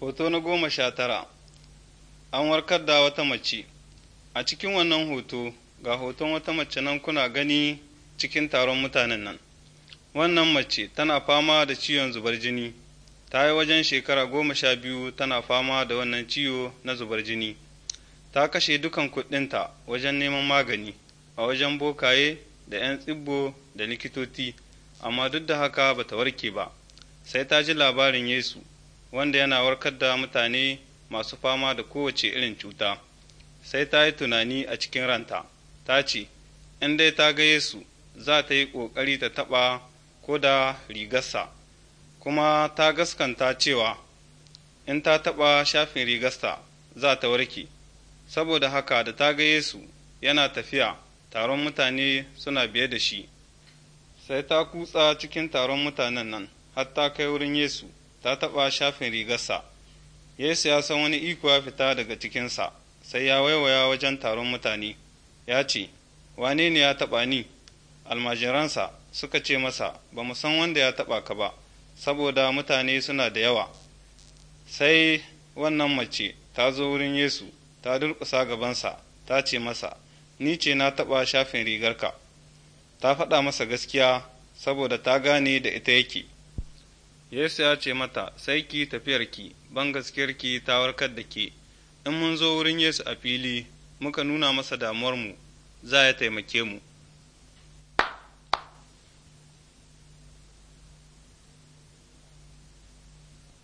Hoto na goma sha tara An warkar da wata mace A cikin wannan hoto ga hoton wata mace nan kuna gani cikin taron mutanen nan. Wannan mace tana fama da ciwon zubar jini, ta yi wajen shekara goma sha biyu tana fama da wannan ciwo na zubar jini. Ta kashe dukan kuɗinta wajen neman magani a wajen bokaye da ‘yan tsibbo da likitoti, amma duk da haka ba ta warke ba, sai ta ji labarin Yesu. wanda yana warkar da mutane masu fama da kowace irin cuta sai ta yi tunani a cikin ranta ta ce in dai ta ga yesu za ta yi ƙoƙari ta taɓa ko da rigarsa kuma ta gaskanta cewa in ta taɓa shafin rigarsa za ta warke saboda haka da ta ga yesu yana tafiya taron mutane suna biye da shi sai ta kutsa cikin taron mutanen nan har ta kai wurin yesu ta taɓa shafin rigarsa yesu ya san wani iko ya fita daga cikinsa sai ya waiwaya wajen taron mutane ya ce wane ne ya taɓa ni almajiransa suka ce masa ba mu san wanda ya taɓa ka ba saboda mutane suna da yawa sai wannan mace ta zo wurin yesu ta durƙusa gabansa ta ce masa ni ce na taɓa shafin rigarka ta faɗa masa gaskiya saboda ta gane da ita yake Yesu ya ce mata, sai ki tafiyarki, ban gaskiyarki ta warkar da ke, in mun zo wurin Yesu a fili, muka nuna masa damuwar mu za ya taimake mu.